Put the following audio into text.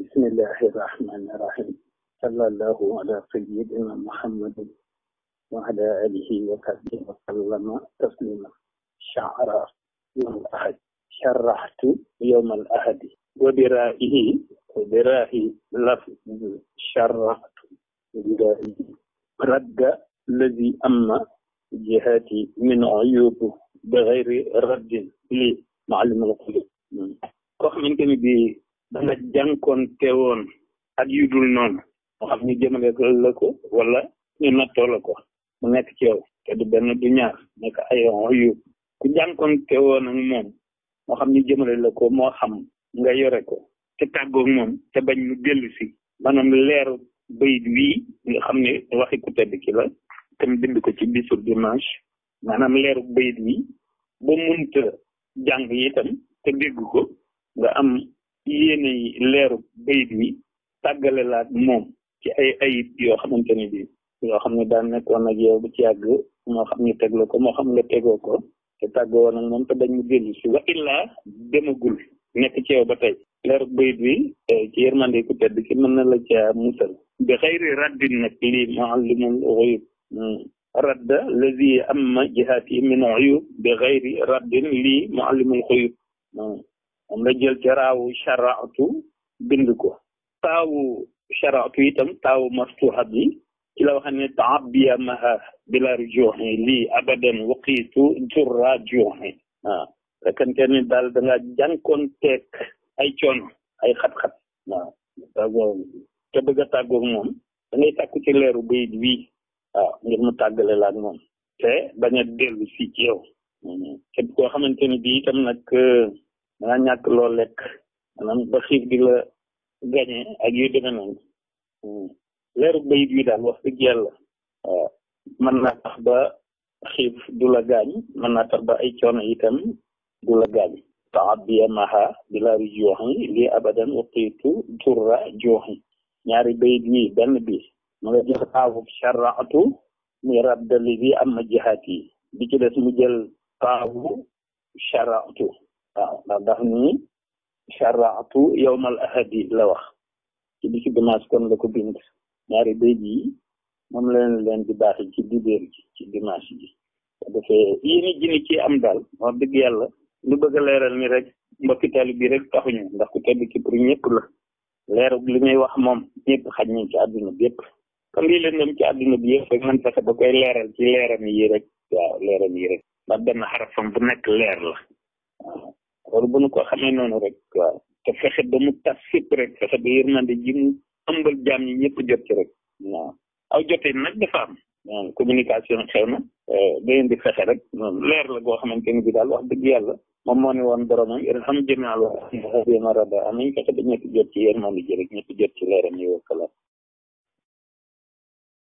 بسم الله الرحمن الرحيم صلى الله على سيدنا محمد وعلى آله وصحبه وسلم تسليما شعر يوم الأحد شرحت يوم الأحد وبرائه وبرائه لفظ شرحت برائه رد الذي أما جهاتي من عيوب بغير رد لمعلم القلوب وخ من كم بي dana jànkoonte woon ak yu noonu moo xam ñu jëmale ko la ko wala ñu nattoo la ko mu nekk ci yow te du benn du ñaar nekk ay yu ku jànkoonte woon ak moom moo xam ñu jëmale la ko moo xam nga yore ko te tàggoog moom te bañ mu dellu si maanaam leeru bayit wii nga xam ne waxi ku tedd ki la tam bind ko ci bisu dimanche maanaam leeru bayit wii ba munta jàng itam te dégg ko nga am yéenay leeru bayit wi tàggale laat moom ci ay ayib yoo xamante ne bii yoo xam ne daan nekkoon ak yow bu ci àgg moo xam ñu tegle ko moo xam nga tegoo ko te tàggoo nag moom te dañ mu dellu si wa illaa demagul nekk ci ba tey leeru bayit wi eh, ci yërmande ku tedd ki mën na la caa musal bi xayri raddin nag lii muallimul xuyub hmm. radda lazi amma jihaati min uyub bi xayri raddin lii muallimul xuyub hmm. moom la jël ci raawu sharaatu bind ko taawu sharaatu itam taawu maftuha bi xam la wax ne taabiya maha bila rujuhi lii abadan waqiitu jurra juhi waaw fekkante ni daal da nga jànkoon teeg ay coono ay xat-xat waaw tàggoo te bëgg a tàggoog moom da tàkku ci leeru bayit wii waaw ngir mu tàggale laak moom te bañ dellu si ci yow mm-hmm. képp koo xamante ni bi itam nag danga ñàkk loo lekk maanaam ba xiif gi la gañe ak yu deme noonu hmm. leeru bayit wi daal wax dëgg yàlla waaw euh, mën naa tax ba xiif du la gaañ mën naa tax ba ay coono itam du la gaañ taabbiya ñaari bayit wi benn bi am ma jihaat yi bi ci des mu jël taafu sharraatu waaw ndax daf ni charatu yowmal ahadi la wax ci bi ci dimanche kon la ko bind ñaari béy ji moom leen leen di baax ci dibéer ji ci dimanche ji te ji ni ci am daal wax dëgg yàlla lu bëgg a leeral ni rek mbokki talib bi rek taxuñu ndax ku tedd ki pour ñëpp la leeru li muy wax moom ñëpp xaj nañ ci àdduna bi yëpp comme lii leen dem ci àdduna bi yëpp man fexe ba koy leeral ci leeram yi rek waaw leeram yi rek ndax benn xarafam bu nekk leer la loolu bu nu ko xamee noonu rek waaw te fexe ba mu tas fépp rek fexe ba yërmande ji mu ëmbal jaam ñi ñëpp jot ci rek waaw aw jotee nag dafa am communication xew na eh, dayen di fexe rek leer la goo xamante ni bi daal wax dëgg yàlla moom moo ne woon boromam irham jamial wa rahma rabbi amin fexe ba ñëpp jot ci yërmande ji rek ñëpp jot ci leeram yi wakkala